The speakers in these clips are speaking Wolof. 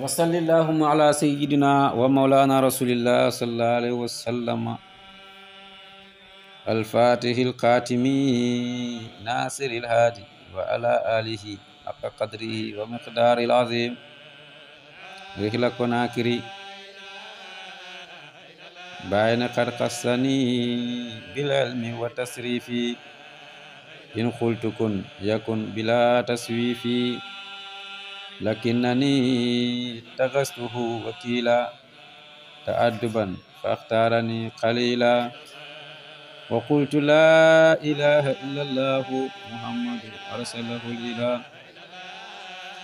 وصل اللهم على سيدنا ومولانا رسول الله صلى الله عليه وسلم الفاتح القاتم ناصر الهادي وعلى آله حق قدره ومقدار العظيم رحلك كناكري بين قرقصني بالعلم وتصريفي إن قلت كن يكن بلا تسويفي لكنني اتخذته وكيلا تأدبا فاختارني قليلا وقلت لا إله إلا الله محمد أرسله الإله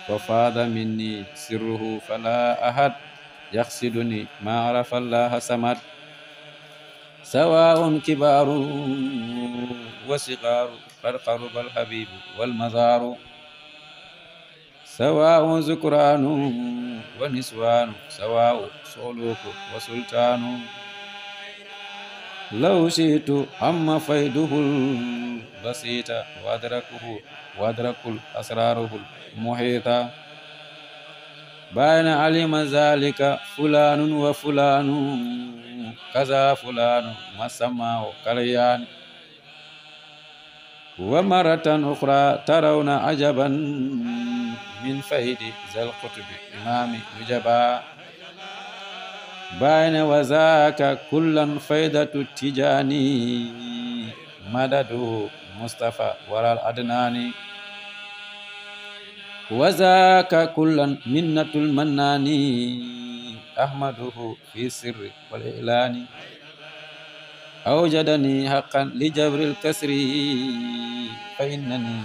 وفاض مني سره فلا أحد يقصدني ما عرف الله سمد سواء كبار وصغار فالقرب الحبيب والمزار سواء ذكران ونسوان سواء سولوك وسلطان لو شئت أما فيده البسيط وأدركه وأدرك الأسراره المحيطة بين علم ذلك فلان وفلان كذا فلان ما سماه كريان ومرة أخرى ترون عجبا بن فهد ذا القطب إمام وجبا بين وزاك كلا فايدة تجاني مدد مصطفى ورى الأدناني وزاك كلا منة المناني أحمده في سر والإعلان أوجدني حقا لجبر الكسر فإنني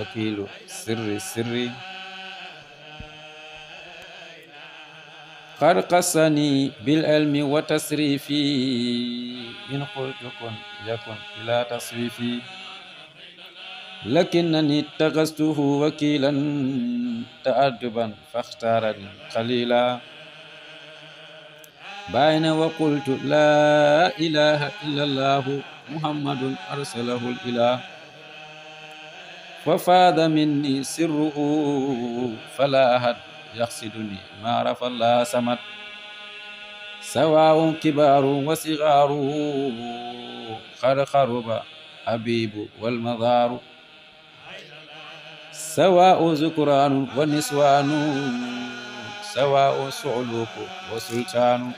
وكيل سر سري فرقصني بالألم بالعلم وتصريفي إن قلت كن يكن بلا تصريفي لكنني اتخذته وكيلا تأدبا فاختارني قليلا بين وقلت لا إله إلا الله محمد أرسله الإله ففاد مني سره فلا أحد يقصدني ما عرف الله سمت سواء كبار وصغار قد خرب أبيب والمضار سواء ذكران ونسوان سواء سعلوك وسلطان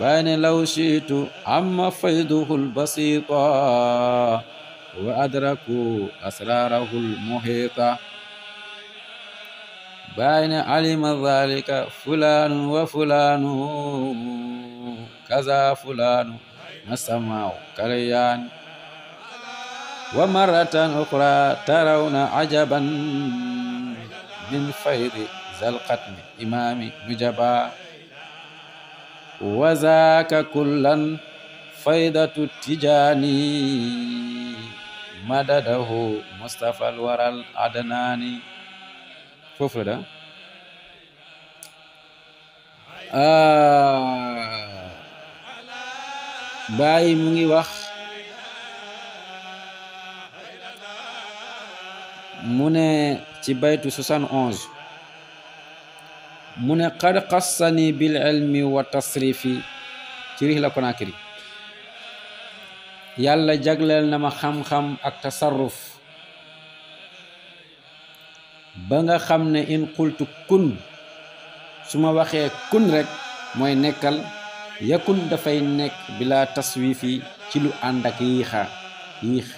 بين لو شئت عما فيضه البسيطة وأدركوا أسراره المحيطة بين علم ذلك فلان وفلان كذا فلان ما سمعوا كريان ومرة أخرى ترون عجبا من فيض زلقتم القتم إمام نجبا وذاك كلا فيضة التجاني مدده مصطفى الورى العدناني foofu la da ah. bàyyi mu ngi wax mu ne ci baytu 71 mu ne qad qassani bil ilmi wa tasrifi ci rix la Konaakiri yàlla jagleel na ma xam-xam ak tasarruf ba nga xam ne in qultu kun su ma waxee kun rekk mooy nekkal yakun dafay nekk bila taswifi ci lu ànd ak yiixa yiix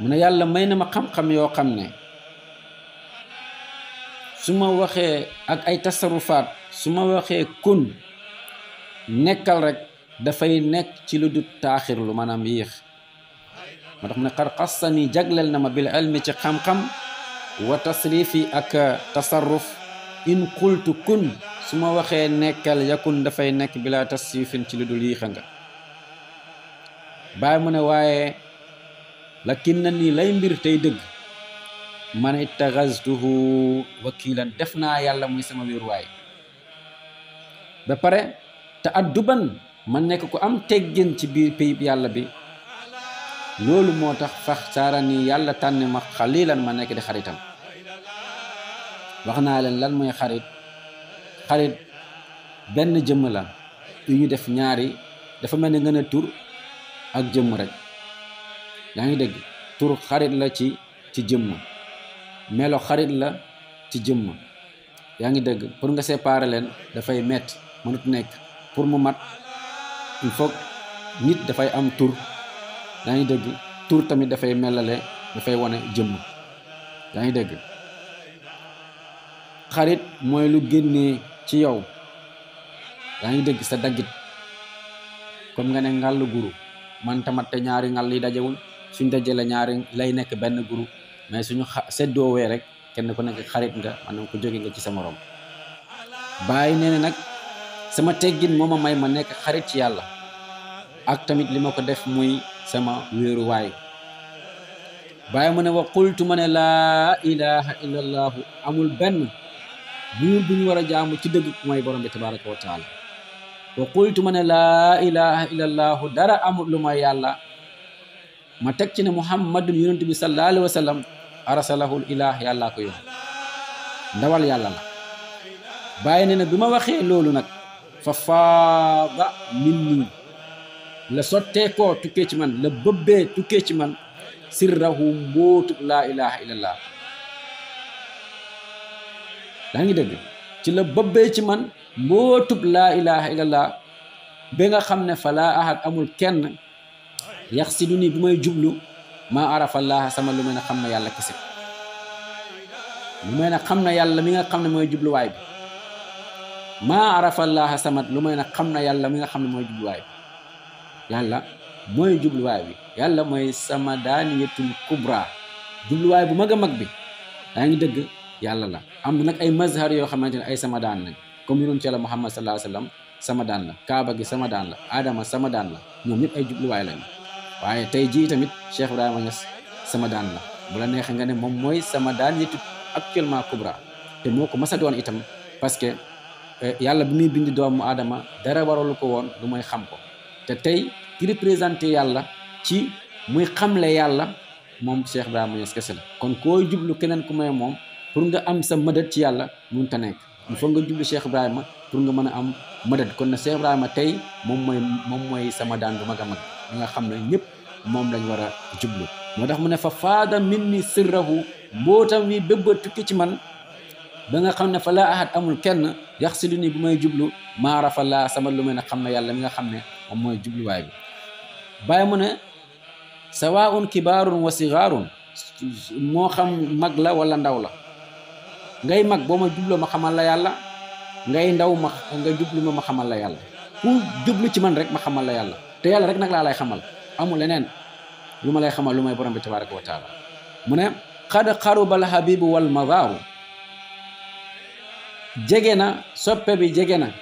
mu ne yàlla may na ma xam-xam yoo xam ne su ma waxee ak ay tasarufaat su ma waxee kun nekkal rek dafay nekk ci lu du taaxir lu maanaam yiix moo tax mu ne xar xassani jagleel na ma bil ilmi ci xam-xam wa tasrifi ak tasarruf in qultu kun su ma waxee nekkal yakun dafay nekk bila tasrifin ci lu dul yiixa nga bàyyi mu ne waaye lakin na nii lay mbir tey dëgg man ittaxastuhu wakilan def naa yàlla muy sama wéeruwaay ba pare te adduban man nekk ku am teggin ci biir pays yàlla bi loolu moo tax faxtaarani yàlla tànn ma xalilan ma nekk di xaritam wax naa leen lan mooy xarit xarit benn jëmm la yu ñu def ñaari dafa mel tur ak jëmm rek yaa ngi dégg tur xarit la ci ci jëmm melo xarit la ci jëmm yaa ngi dégg pour nga séparer leen dafay metti mënut nekk pour mu mat il faut nit dafay am tur yaangi dégg tour tamit dafay melale dafay wone jëmm yaangi dégg xarit mooy lu génnee ci yow yaangi dégg sa daggit comme nga ne ngàll guru man tamat te ñaari ngàll yi dajewul suñ dajee la ñaari lay nekk benn guru mais suñu seddoowee rek kenn ku nekk xarit nga maanaam ko jóge nga ci sa morom bàyyi nee na nag sama teggin moo may ma nekk xarit ci yàlla ak tamit li ma ko def muy sama wéeruwaay bàyyi mu ne wa qultu ma ne laa ilaha illa allaahu amul benn buur bu ñu war a jaamu ci dëgg mooy borom bi tabaraka wa taala wa qultu ma ne laa ilaha illa dara amul lu ma yàlla ma teg ci ne muhammadun yonent bi sallallahu alayhi wa sallam arsalahul ilah yàllaa ko yoon ndawal yàlla la bàyyi ne ne bi ma waxee loolu nag fa faada min nii la sotteekoo tukkee ci man la bëbbee tukkee ci man sirrahu mbóotu laa ilaha illallah daa ngi dégg ci la bëbbee ci man mbootub laa ilaha illallah ba nga xam ne fa laa ahad amul kenn yax si du ni bi may jublu maa arafa laaha sama lu mel ne xam na yàlla kese lu mel ne xam na yàlla mi nga xam ne mooy jubluwaay bi maa arafa laaha sama lu mel ne xam na yàlla mi nga xam ne mooy jubluwaay bi lan la mooy jubluwaay bi yàlla mooy sama daan daaniyatul kubra jubluwaay bu mag a mag bi daa ngi dëgg yàlla la am nag ay mazhar yoo xamante ne ay sama daan comme yonent yàlla Muhammad sallallahu alayhi wa sallam sama daan la kaaba gi sama daan la Adama sama daan la moom ñëpp ay jubluwaay lañ waaye tey jii tamit Cheikh Ibrahima Niass sama daan la bu la neexee nga ne moom mooy sama daaniyatul actuellement kubra te moo ko ma a doon itam parce que eh, yàlla bu muy bind doomu Adama dara waralu ko woon lu mooy xam ko te tey ki représenté yàlla ci muy xamle yàlla moom Cheikh Ibrahima Niass kese kon koo jublu keneen ku may moom pour nga am sa mëdët ci yàlla mun ta nekk il nga jublu Cheikh Ibrahima pour nga mën a am mëdët kon na Cheikh ma tey moom mooy moom mooy sama daan bu mag a mag nga xam ne ñëpp moom lañ war a jublu moo tax mu ne fa faada min ni sirrahu mbootam wi bépp tukki ci man ba nga xam ne fa laa ahad amul kenn yax si lu nii bu may jublu maara fa laa sama lu mel ne xam ne yàlla nga xam ne moy jubli way bi bàyyi mu ne sawaun kibarun wa sigharun mo xam mag la wala ndaw la ngay mag boo ma jubloo ma xamal la yalla ngay ndaw ma nga jublu ma xamal la yalla ku jublu ci man rek ma xamal la yalla te yalla rek nak la lay xamal amul lenen luma lay xamal lumay borom bi tabaraka wa taala mu ne xad xarubal habib wal madar jegena na soppe bi jegena na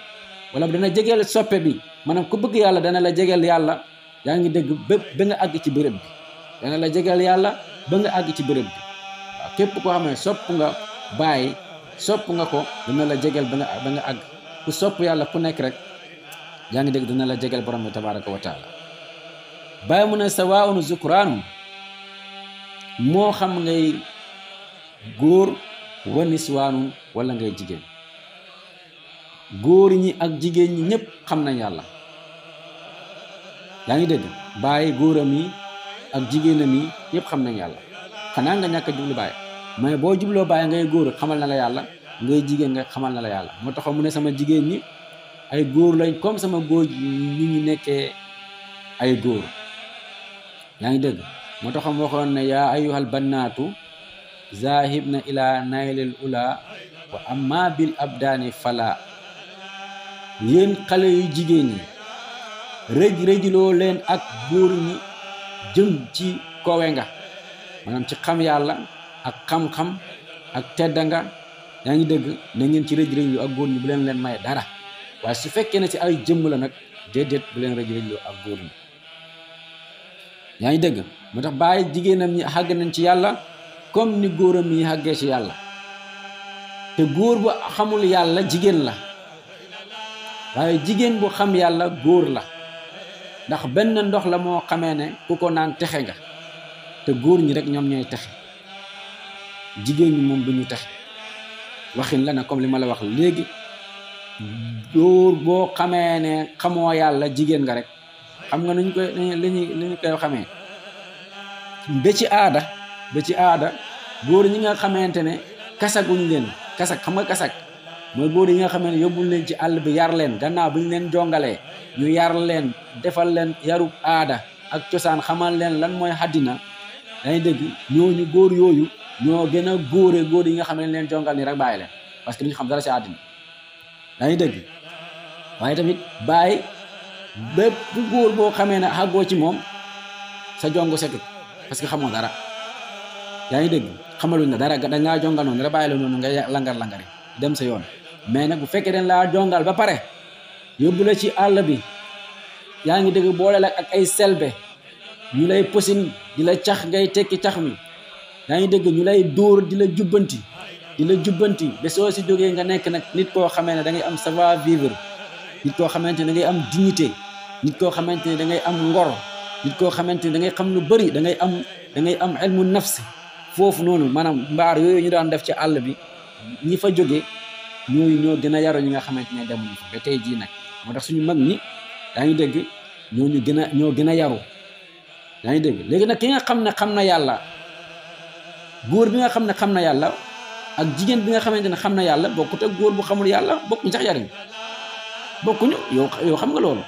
wala dana jegel soppe bi maanaam ku bëgg yàlla dana la jegeel yàlla yaa ngi dégg ba ba nga àgg ci bërëb bi dana la jegeel yàlla ba nga àgg ci bërëb bi képp koo xam ne sopp nga bàyyi sopp nga ko dana la jegeel ba nga ba àgg ku sopp yàlla ku nekk rek yaa ngi dégg dana la jegeel borom bi tabaraka ko taala bàyyi mu ne sawaun zukraanum moo xam ngay góor wa niswaanum wala ngay jigéen góor ñi ak jigéen ñi ñëpp xam nañ yàlla yaa ngi dégg bàyyi góoram yi ak jigéenam yi yëpp xam nañ yàlla xanaa nga ñàkk a jublu bàyyi mais boo jubloo bàyyi ngay góor xamal na la yàlla ngay jigéen nga xamal na la yàlla moo tax mu ne sama jigéen ñi ay góor lañ comme sama góor ñi ñu nekkee ay góor yaa ngi dégg moo tax mu waxoon ne yaa ayuhal bannaatu zahib na ila naylil ula wa amma ab abdaani fala yéen xale yu jigéen ñi rëj rëjloo leen ak buur ñi jëm ci kowe nga maanaam ci xam yàlla ak xam-xam ak tedda nga yaa ngi dëgg na ci rëj rëjloo ak góor ñi bu leen leen maye dara waaye su fekkee ne ci ay jëmm la nag déedéet bu leen rëj rëjloo ak góor ñi yaa ngi dëgg moo tax bàyyi jigéenam ñi xàgg nañ ci yàlla comme ni góoram yi xàggee ci yàlla te góor bu xamul yàlla jigéen la waaye jigéen bu xam yàlla góor la ndax benn ndox la moo xamee ne ku ko naan texe nga te góor ñi rek ñoom ñooy texe jigéen ñi moom du ñu texe waxin la na comme li ma la wax léegi góor boo xamee ne xamoo yàlla jigéen nga rek xam nga nuñ koy li ñu koy xamee ba ci aada ba ci aada góor ñi nga xamante ne kasaguñ leen kasag xam nga kasag mooy buur yi nga xam ne yóbbul leen ci àll bi yar leen gannaaw bi ñu leen jongalee ñu yar leen defal leen yarub aada ak cosaan xamal leen lan mooy xaddina dañuy dégg ñooñu góor yooyu ñoo gën a góore góor yi nga xam ne leen jongal nii rek bàyyi leen parce que duñu xam dara si àddina dañuy dégg waaye tamit bàyyi bépp boo xamee ne xàggoo ci moom sa jongo setut parce que xamoo dara yaa ngi dégg xamaluñ la dara dangaa jongal noonu rek bàyyi la noonu nga langar langari dem sa yoon mais nag bu fekkee dañ laa jongal ba pare yóbbu la ci àll bi yaa ngi dégg boole la ak ay selbe ñu lay posin di la cax ngay tekki cax mi yaa ngi dëgg ñu lay dóor di la jubbanti di la jubbanti ba soo si jógee nga nekk nag nit koo xamee ne dangay am savoir vivre nit koo xamante ne da am dignité nit koo xamante ne da ngay am ngor nit koo xamante ne dangay xam lu bëri dangay am da am ilmu nafs foofu noonu maanaam mbaar yooyu ñu daan def ci àll bi ñi fa jógee ñooñu ñoo gën a yaru ñi nga xamante ne demuñu fa ba tey jii nag moo tax suñu mag ñi yaa ngi dégg ñooñu gën a ñoo gën a yaru yaa ngi dégg léegi nag ki nga xam ne xam na yàlla góor bi nga xam ne xam na yàlla ak jigéen bi nga xamante ne xam na yàlla bokkut ak góor bu xamul yàlla bokkuñ sax yaruñu bokkuñu yow yow xam nga loolu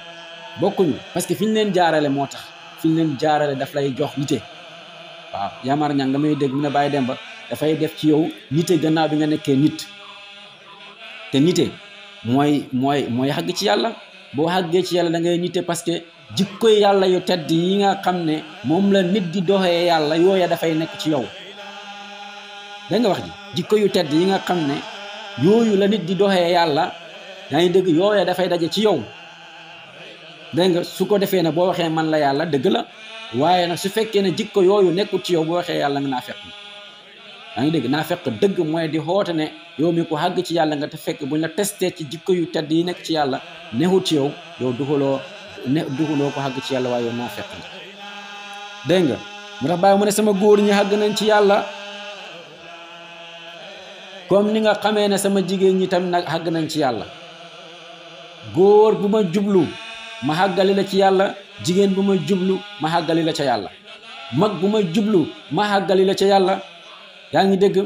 bokkuñu parce que fi ñu leen jaarale moo tax fi ñu leen jaarale daf lay jox yite waaw yaamar ña nga may dégg mu ne bàyyi dem ba dafay def ci yow nite gannaaw bi nga nekkee nit te nite mooy mooy mooy xàgg ci yàlla boo xàggee ci yàlla da ngay nite parce que jikkoy yàlla yu tedd yi nga xam ne moom la nit di doxee yàlla yooya dafay nekk ci yow danga wax ji jikko yu tedd yi nga xam ne yooyu la nit di doxee yàlla dangay dëgg yooya dafay daje ci yow dégg nga su ko defee na boo waxee man la yàlla dëgg la waaye nag su fekkee ne jikko yooyu nekkul ci yow boo waxee yàlla nga naa fekk yaa ngi dégg naa fekk dëgg mooy di xoote ne yow mi ku xàgg ci yàlla nga te fekk buñ la testee ci jikko yu tedd yi nekk ci yàlla nexut ci yow yow duxuloo ne duxuloo ko xàgg ci yàlla waaye yow naa fekk nga dégg nga mu tax bàyyi mu ne sama góor ñi xàgg nañ ci yàlla comme ni nga xamee ne sama jigéen ñi tamit nag xàgg nañ ci yàlla góor bu ma jublu ma xàggali la ci yàlla jigéen bu ma jublu ma xàggali la ca yàlla mag bu ma jublu ma xàggali la ca yàlla yaa ngi dégg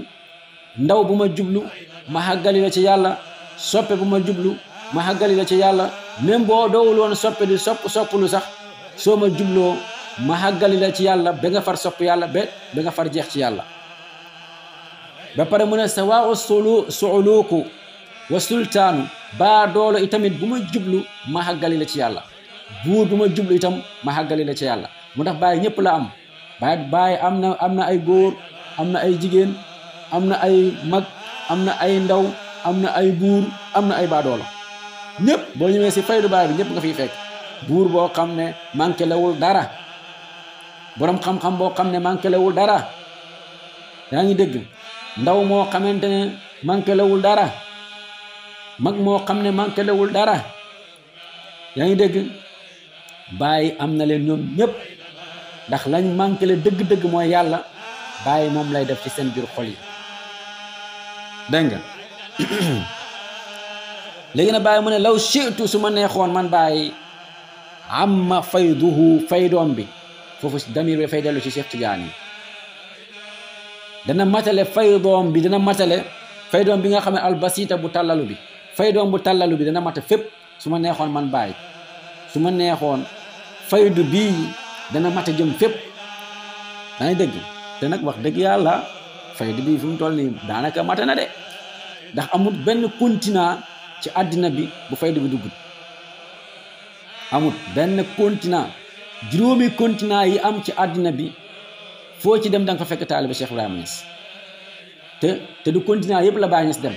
ndaw bu ma jublu ma xàggali la ci yàlla soppe bu ma jublu ma xàggali la ci yàlla même boo doowul woon soppe soppulu sax soo ma jubloo ma la ci yàlla ba nga far sopp yàlla ba ba nga far jeex ci yàlla ba pare mu ne sawaa sulu suuluuku wa sultaanu baa doolo itamit bu ma jublu ma xàggali la ci yàlla buur bu ma jublu itam ma xàggali la ci yàlla mu tax bàyyi ñëpp la am bàyyi am na am na ay góor am na ay jigéen am na ay mag am na ay ndaw am na ay buur am na ay baadoola ñëpp boo ñëwee si faydu baay bi ñëpp nga fiy fekk buur boo xam ne manqué lawul dara borom xam-xam boo xam ne manqué lawul dara yaa ngi dégg ndaw moo xamante ne manqué lawul dara mag moo xam ne manqué lawul dara yaa ngi dégg bàyyi am na leen ñoom ñëpp ndax lañ manqué le dëgg-dëgg mooy yàlla bàyyi moom lay def ci seen biir xol yi dégg nga léegi na bàyyi mu ne law shi'tu su ma neexoon man bàyyi am amma fayduhu faydoom bi foofu damir bi dafay dellu ci Cheikh Tidiane dana matale faydoom bi dana matale faydoom bi nga xam ne albasita bu tàllalu bi faydoom bu tàllalu bi dana mata fépp su ma neexoon man bàyyi su ma neexoon faydu bii dana mata jëm fépp danañ dëgg te nag wax dëgg yàlla fayda bi fi mu toll nii daanaka mate na de ndax amul benn continent ci àddina bi bu fayda bi dugg amul benn continent juróomi continent yi am ci àddina bi foo ci dem da nga fa fekk taaliba Cheikh Ibrahima Niass te te du continent yëpp la Baye Niass dem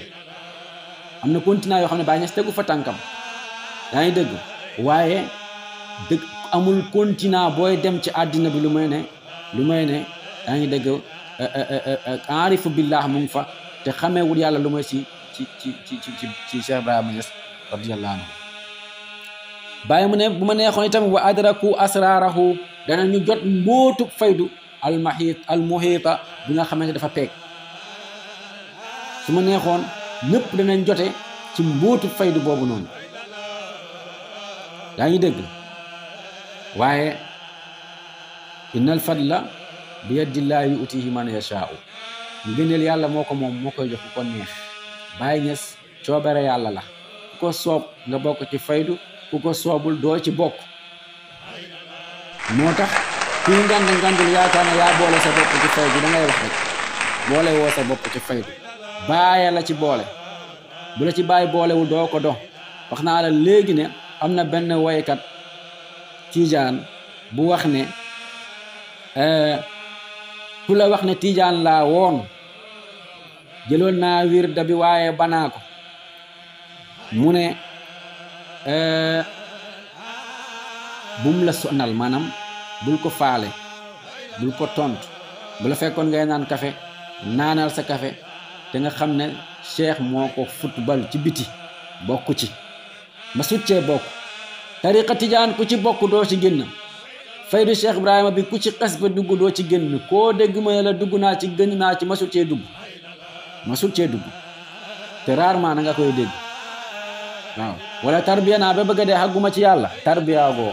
am na continant yoo xam ne Baye Niass tegu fa tànkam yaa ngi dëgg waaye dëgg amul continent booy dem ci àddina bi lu may ne lu may ne yaa ngi dégg eh, eh, eh, aarifu billah mu fa te xameewul yàlla lu mooy si ci ci ci ci ci Cheikh Ibrahima Niass radiyallahu bàyyi mu ne bu ma neexoon itam wa adraku asrarahu dana ñu jot mbootu faydu almahit almuhita bi nga xamante dafa peeg su ma neexoon ñépp danañ jote ci mbootu faydu boobu noonu yaa ngi dégg waaye innal fadla bi yaddillaahi yu'tiihi man yashaa'u ngëneel yàlla moo ko moom moo koy jox ku ko neex Baay Ñas coobare yàlla la ku ko soob nga bokk ci faydu ku ko soobul doo ci bokk moo tax kuy ngand ngandul yaakaar ne yaa boole sa bopp ci faydu da woo sa bopp ci faydu baaya la ci boole bu la ci bàyyi boolewul doo ko dox wax naa la léegi ne am na benn woykat tiijaan bu wax ne eh, ku la wax ne tiijaan la woon jëloon naa wirda bi waaye banaa ko mu ne eh, bum la sonal maanaam bul ko faale bul ko tontu bu la fekkoon ngay naan kafe naanal sa kafe te nga xam ne cheikh moo ko football ci biti bokk ci ma sut cee bokk tariqa tijaan ku ci bokk doo ci génn faydu cheikh ibrahima bi ku ci xes ba dugg do ci genn ko dégg ma la dugg na ci genn na ci masul ci dugg masul ci dugg te rarement na nga koy dégg waaw wala tarbiya na ba beug de haguma ci yalla tarbiya go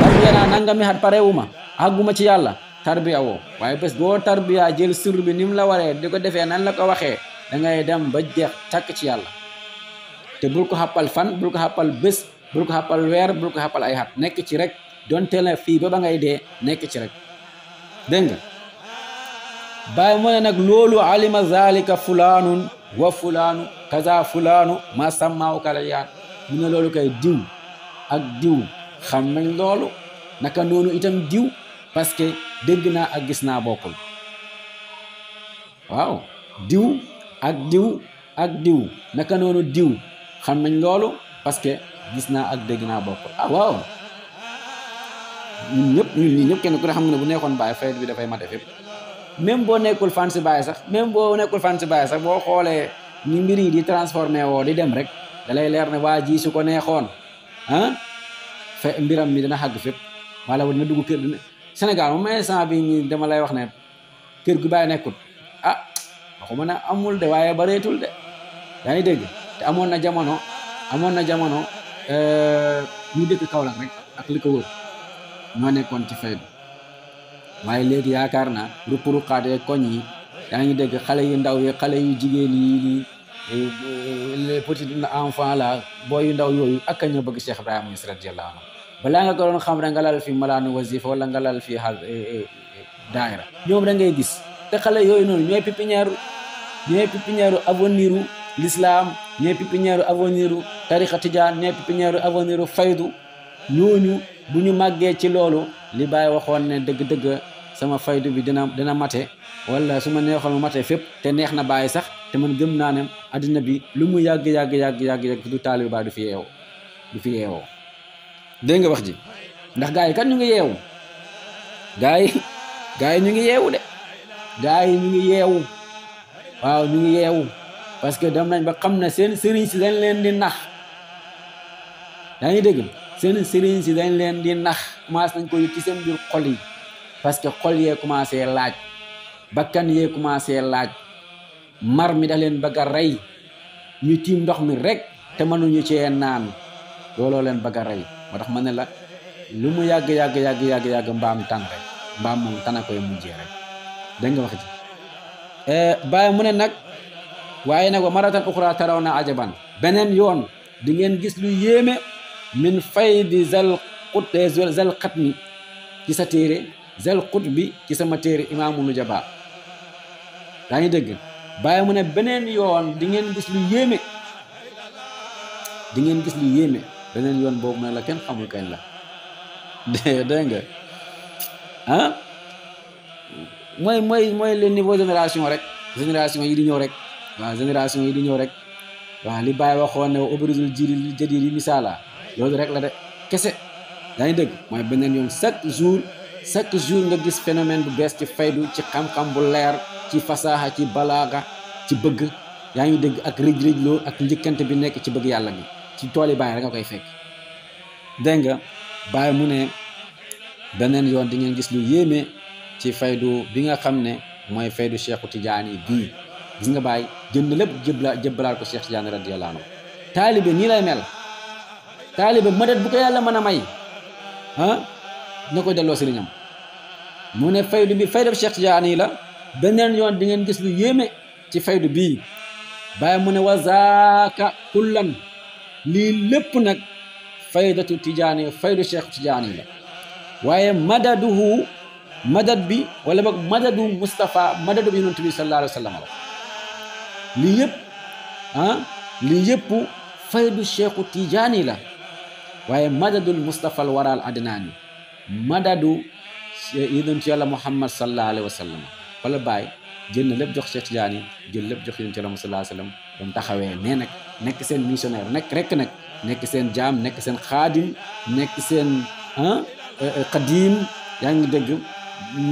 tarbiya naa nangami xat parewuma haguma ci yalla tarbiya wo waye bes boo tarbiya jël sur bi nim la waré diko defé nan la ko waxé da ngay dem ba jeex tak ci yalla te bul ko hapal fan bul ko hapal bes bul ko hapal wer bul ko hapal ay hat nek ci rek donte la fii ba ba ngay dee nekk ci rek dégg nga bàyyi mu nag loolu alima zalika fulaanun wa fulaanu kaza fulaanu ma sàmmaaw kala yaan mu ne loolu kay diw ak diw xam nañ loolu naka noonu itam diw parce que dégg naa ak gis naa bokkul waaw diw ak diw ak diw naka noonu diw xam nañ loolu parce que gis naa ak dégg naa bokkul ah, waaw ñun ñëpp ñun ñii ñëpp kenn ku ne xam nga ne bu nekkoon Baye fayet bi dafay mate fépp même boo nekkul fan si Baye sax même boo nekkul fan si Baye sax boo xoolee ni mbir yi di transformé woo di dem rek dalay leer ne waa ji ko neexoon ah fe mbiram mi dana xàgg fépp wala dina dugg kër dina Sénégal moom instant bi ñi dama lay wax ne kër gi Baye nekkul ah waxuma ne amul de waaye bareetul de yaa ngi dégg te amoon na jamono amoon na jamono euh, ñu dëkk Kaolack rek ak ñoo nekkoon ci fay bi waaye léegi yaakaar naa ruq-ruqaatee koñ yi yaa ngi dégg xale yu ndaw yi xale yi jigéen yi les petits enfants la booy yu ndaw yooyu ak ñu bëgg Cheikh Ibrahima Niass radiyallahu anhu balaa nga ko doon xam rek nga lal fi malaanu wasifa wala nga lal fi xal eh, eh, ñoom da ngay gis te xale yooyu noonu ñooy pépinière ñooy pépinière avenir u l'islam ñooy pépinière avenir u tarixa tijaan ñooy pépinière avenir u faydu ñooñu bu ñu màggee ci loolu li Baay waxoon ne dëgg-dëgg sama faydu bi dina dina mate wala su ma neexoon mate fépp te neex na bàyyi sax te man gëm naa ne àddina bi lu mu yàgg yàgg yàgg yàgg yàgg du taalibe Baay du fi yeewu du fi yeewoo dégg nga wax ji ndax gaa yi kan ñu ngi yeewu gaa yi gaa yi ñu ngi yeewu de gaa yi ñu ngi yeewu waaw ñu ngi yeewu parce que dem nañ ba xam ne seen sëriñ si dañ leen di nax yaa ngi dégg seen sëriñ si dañ leen di nax maas nañ koy yëg ci seen biir xol yi parce que xol yee commencé laaj bakkan yee commencé laaj mar mi da leen bëgg rey ñu tiim ndox mi rek te mënuñu cee naan looloo leen bëgg rey moo tax ma ne la lu mu yàgg yàgg yàgg yàgg yàgg mbaam tan rek mbaam moom tan a koy mujjee rek dégg nga wax ji eh, bàyyi mu ne nag waaye nag wa maratan uxra taraw na ajaban beneen yoon di gis lu yéeme min di zal qut eh, zal xatmi ci sa téere zal qut bi ci sama téere imaamu nujaba daa ngi dëgg bàyyi mu ne beneen yoon di ngeen gis lu yéeme di ngeen gis lu yéeme beneen yoon boobu mu la kenn xamul kañ la dégg nga ah mooy mooy mooy le niveau génération rek génération yi di ñëw rek waaw génération yi di ñëw rek waaw li Baye waxoon ne wa ubrisul jiil misaala loolu rek la de kese yaa ngi dégg mooy beneen yoon chaque jour chaque jour nga gis phénomène bu bees ci faydu ci xam-xam bu leer ci fasaaxa ci balaaga ci bëgg yaa ngi dégg ak rëj rëj loo ak njëkkante bi nekk ci bëgg yàlla bi ci tool yi bàyyi rek nga koy fekk dégg nga bàyyi mu ne beneen yoon di ngeen gis lu yéeme ci faydu bi nga xam ne mooy faydu Cheikhu Tijaani bii gis nga bàyyi jënd lépp jëbla jëbbalaal ko Cheikh Tijaani radiyallahu anhu taalibe nii lay mel taalibe mëdët bu ko yàlla mën a may ah na delloo sëriñam mu ne faydu bi faydu Cheikh Tidiane la beneen yoon di ngeen gis lu yéeme ci faydu bii bàyyi mu ne wazaaka kullan lii lépp nag faydatu Tidiane faydu Cheikh Tidiane la waaye madaduhu madad bi wala boog madadu Moustapha madadu bi yonent bi sallallahu alayhi wa sallam la lii yëpp lii yëpp faydu Cheikh Tidiane la waye madadul mustafa waral adnani madadu yonent yàlla muhammad sallallahu alaihi wasallam wala bay jël lépp jox Cheikh Tidiane jël lépp jox yonent yàlla sallallahu alaihi wasallam dum taxawé né nak nek sen missionnaire nekk rek nak nek sen jam nek sen khadim nek sen han qadim yang deug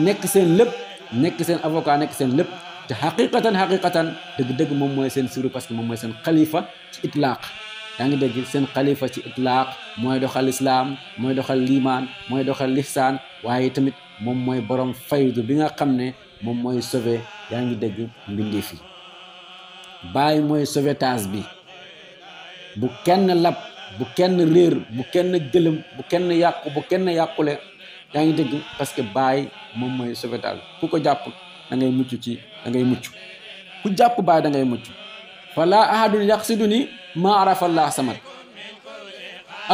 nek sen lépp nek sen avocat nek sen lépp te haqiqatan haqiqatan deug deug mom moy sen siru parce que mom moy sen khalifa ci itlaq Yang ngi dégg seen xalifa ci itlaaq mooy doxal lislaam mooy doxal liman mooy doxal lihsaan waaye tamit moom mooy borom faydu bi nga xam ne moom mooy sauvé yaa ngi dégg mbindi fi bàyyi mooy sauvetage bi bu kenn lab bu kenn réer bu kenn gëlëm bu kenn yàqu bu kenn yàqule yaa ngi dégg parce que bàyyi moom mooy sauvetage ku ko jàpp da ngay mucc ci da ngay mucc ku jàpp bàyyi da ngay mucc ahadun yaqsiduni maa arafa laa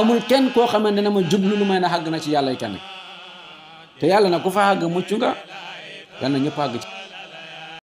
amul kenn koo xamante ne ma jublu lu may na xàgg na ci yàlla yi te yàlla na ku fa xàgg mucc nga yàlla na ñëpp xàgg ci